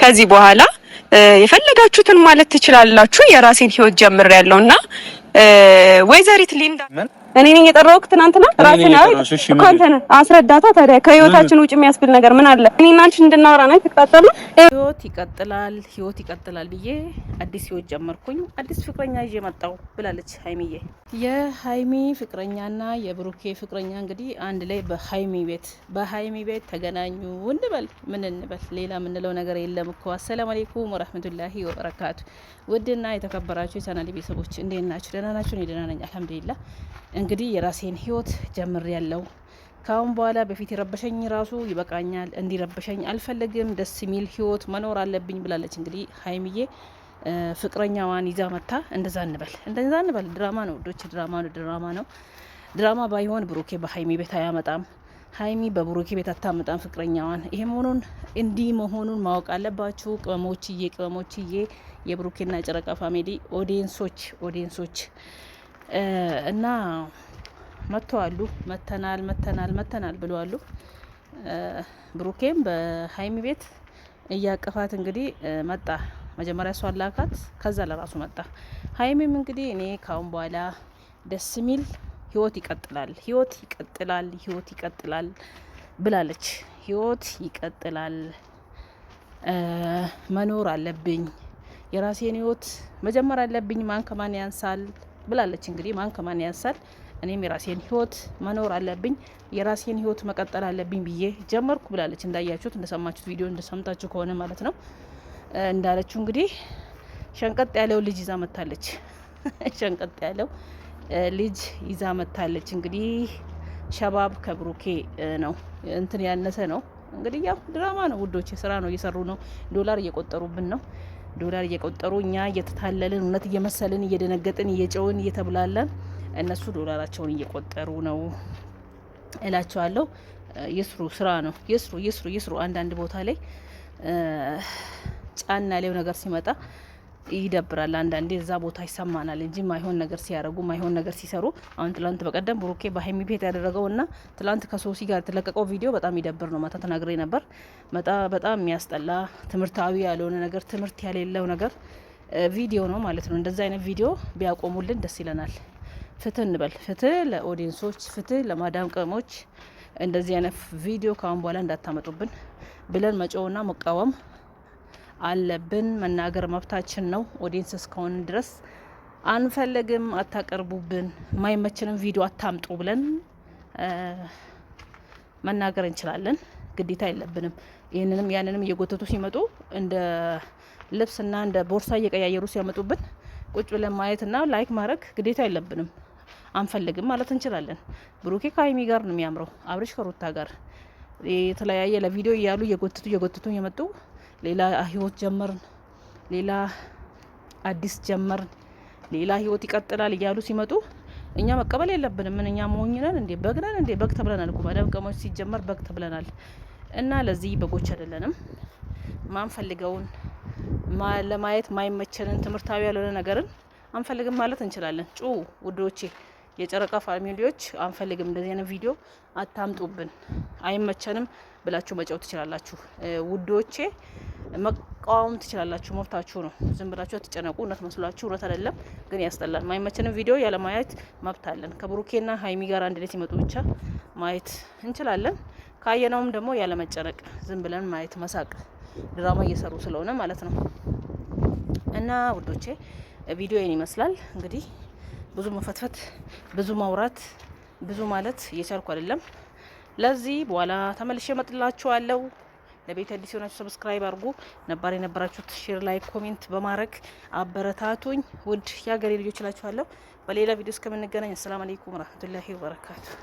ከዚህ በኋላ የፈለጋችሁትን ማለት ትችላላችሁ። የራሴን ህይወት ጀምር እና ወይዘሪት ሊንዳ እኔ ነኝ የጠራሁት ትናንትና። ራስህን አንተን አስረዳታ። ታዲያ ከህይወታችን ውጭ የሚያስብል ነገር ምን አለ? እኔ እና አንቺ እንድናወራ ነው ትቀጣጣሉ። ህይወት ይቀጥላል፣ ህይወት ይቀጥላል ብዬ አዲስ ህይወት ጀመርኩኝ፣ አዲስ ፍቅረኛ ይዤ መጣሁ ብላለች ሀይሚዬ። የሀይሚ ፍቅረኛና የብሩኬ ፍቅረኛ እንግዲህ አንድ ላይ በሀይሚ ቤት በሀይሚ ቤት ተገናኙ እንበል ምን እንበል፣ ሌላ የምንለው ነገር የለም እኮ። አሰላሙ አለይኩም ወራህመቱላሂ ወበረካቱ። ውድና የተከበራችሁ የቻናል ቤተሰቦች እንዴት ናችሁ? ደህና ናችሁ? እኔ ደህና ነኝ አልሐምዱሊላህ። እንግዲህ የራሴን ህይወት ጀምር ያለው ከአሁን በኋላ በፊት የረበሸኝ ራሱ ይበቃኛል፣ እንዲረበሸኝ አልፈልግም፣ ደስ የሚል ህይወት መኖር አለብኝ ብላለች። እንግዲህ ሀይሚዬ ፍቅረኛዋን ይዛ መታ። እንደዛ እንበል እንደዛ እንበል። ድራማ ነው ዶች ድራማ ነው ድራማ ነው ድራማ ባይሆን ብሩኬ በሀይሚ ቤት አያመጣም፣ ሀይሚ በብሩኬ ቤት አታመጣም ፍቅረኛዋን። ይሄ መሆኑን እንዲህ መሆኑን ማወቅ አለባችሁ ቅመሞችዬ፣ ቅመሞችዬ የብሩኬና ጨረቃ ፋሚሊ ኦዲየንሶች ኦዲየንሶች እና መጥተዋሉ መተናል መተናል መተናል ብለዋሉ። ብሩኬም በሀይሚ ቤት እያቀፋት እንግዲህ መጣ። መጀመሪያ እሷን አላካት፣ ከዛ ለራሱ መጣ። ሀይሚም እንግዲህ እኔ ካሁን በኋላ ደስ የሚል ህይወት ይቀጥላል፣ ህይወት ይቀጥላል፣ ህይወት ይቀጥላል ብላለች። ህይወት ይቀጥላል፣ መኖር አለብኝ፣ የራሴን ህይወት መጀመር አለብኝ፣ ማን ከማን ያንሳል ብላለች። እንግዲህ ማን ከማን ያንሳል? እኔም የራሴን ህይወት መኖር አለብኝ፣ የራሴን ህይወት መቀጠል አለብኝ ብዬ ጀመርኩ ብላለች። እንዳያችሁት እንደሰማችሁት ቪዲዮ እንደሰምታችሁ ከሆነ ማለት ነው እንዳለችው እንግዲህ ሸንቀጥ ያለው ልጅ ይዛ መታለች። ሸንቀጥ ያለው ልጅ ይዛ መታለች። እንግዲህ ሸባብ ከብሩኬ ነው እንትን ያነሰ ነው። እንግዲህ ያው ድራማ ነው ውዶች፣ ስራ ነው እየሰሩ ነው። ዶላር እየቆጠሩብን ነው። ዶላር እየቆጠሩ እኛ እየተታለልን እውነት እየመሰልን እየደነገጥን እየጨውን እየተብላለን እነሱ ዶላራቸውን እየቆጠሩ ነው እላቸዋለሁ። ይስሩ፣ ስራ ነው። ይስሩ፣ ይስሩ፣ ይስሩ። አንዳንድ ቦታ ላይ ጫና ሌው ነገር ሲመጣ ይደብራል። አንዳንዴ እዛ ቦታ ይሰማናል እንጂ ማይሆን ነገር ሲያደርጉ ማይሆን ነገር ሲሰሩ፣ አሁን ትላንት በቀደም ብሩኬ በሀይሚ ቤት ያደረገው እና ትላንት ከሶሲ ጋር የተለቀቀው ቪዲዮ በጣም ይደብር ነው። ማታ ተናግሬ ነበር። በጣም የሚያስጠላ ትምህርታዊ ያልሆነ ነገር ትምህርት ያሌለው ነገር ቪዲዮ ነው ማለት ነው። እንደዚ አይነት ቪዲዮ ቢያቆሙልን ደስ ይለናል። ፍትህ እንበል። ፍትህ ለኦዲየንሶች፣ ፍትህ ለማዳም ቅመሞች። እንደዚህ አይነት ቪዲዮ ከአሁን በኋላ እንዳታመጡብን ብለን መጮውና መቃወም አለብን። መናገር መብታችን ነው። ኦዲንስ እስከሆን ድረስ አንፈልግም፣ አታቀርቡብን፣ ማይመችንም ቪዲዮ አታምጡ ብለን መናገር እንችላለን። ግዴታ የለብንም። ይህንንም ያንንም እየጎተቱ ሲመጡ እንደ ልብስና እንደ ቦርሳ እየቀያየሩ ሲያመጡብን ቁጭ ብለን ማየትና ላይክ ማድረግ ግዴታ የለብንም። አንፈልግም ማለት እንችላለን። ብሩኬ ከሀይሚ ጋር ነው የሚያምረው፣ አብርሽ ከሩታ ጋር የተለያየ ለቪዲዮ እያሉ እየጎትቱ እየጎትቱ የመጡ ሌላ ህይወት ጀመርን፣ ሌላ አዲስ ጀመርን፣ ሌላ ህይወት ይቀጥላል እያሉ ሲመጡ እኛ መቀበል የለብንም። ምን እኛ ሞኝ ነን እንዴ? በግ ነን እንዴ? በግ ተብለናል እኮ መደብ ቀሞች ሲጀመር በግ ተብለናል። እና ለዚህ በጎች አይደለንም። ማንፈልገውን ለማየት ማይመቸንን ትምህርታዊ ያልሆነ ነገርን አንፈልግም ማለት እንችላለን። ጩ ውዶቼ የጨረቃ ፋሚሊዎች አንፈልግም፣ እንደዚህ አይነት ቪዲዮ አታምጡብን፣ አይመቸንም ብላችሁ መጫው ትችላላችሁ። ውዶቼ መቃወም ትችላላችሁ፣ መብታችሁ ነው። ዝም ብላችሁ አትጨነቁ። እውነት መስሏችሁ እውነት አይደለም ግን ያስጠላል። ማይመቸንም ቪዲዮ ያለማየት መብት አለን። ከብሩኬና ሀይሚ ጋር አንድ ላይ ሲመጡ ብቻ ማየት እንችላለን። ካየነውም ደግሞ ያለመጨነቅ ዝም ብለን ማየት መሳቅ፣ ድራማ እየሰሩ ስለሆነ ማለት ነው። እና ውዶቼ ቪዲዮ ይህን ይመስላል እንግዲህ ብዙ መፈትፈት፣ ብዙ ማውራት፣ ብዙ ማለት እየቻልኩ አይደለም። ለዚህ በኋላ ተመልሼ እመጥላችኋለሁ። ለቤት አዲስ የሆናችሁ ሰብስክራይብ አድርጉ፣ ነባር የነበራችሁት ሼር ላይ ኮሜንት በማድረግ አበረታቱኝ። ውድ የሀገሬ ልጆች እላችኋለሁ። በሌላ ቪዲዮ እስከምንገናኝ አሰላም አለይኩም ወረህመቱላሂ ወበረካቱሁ።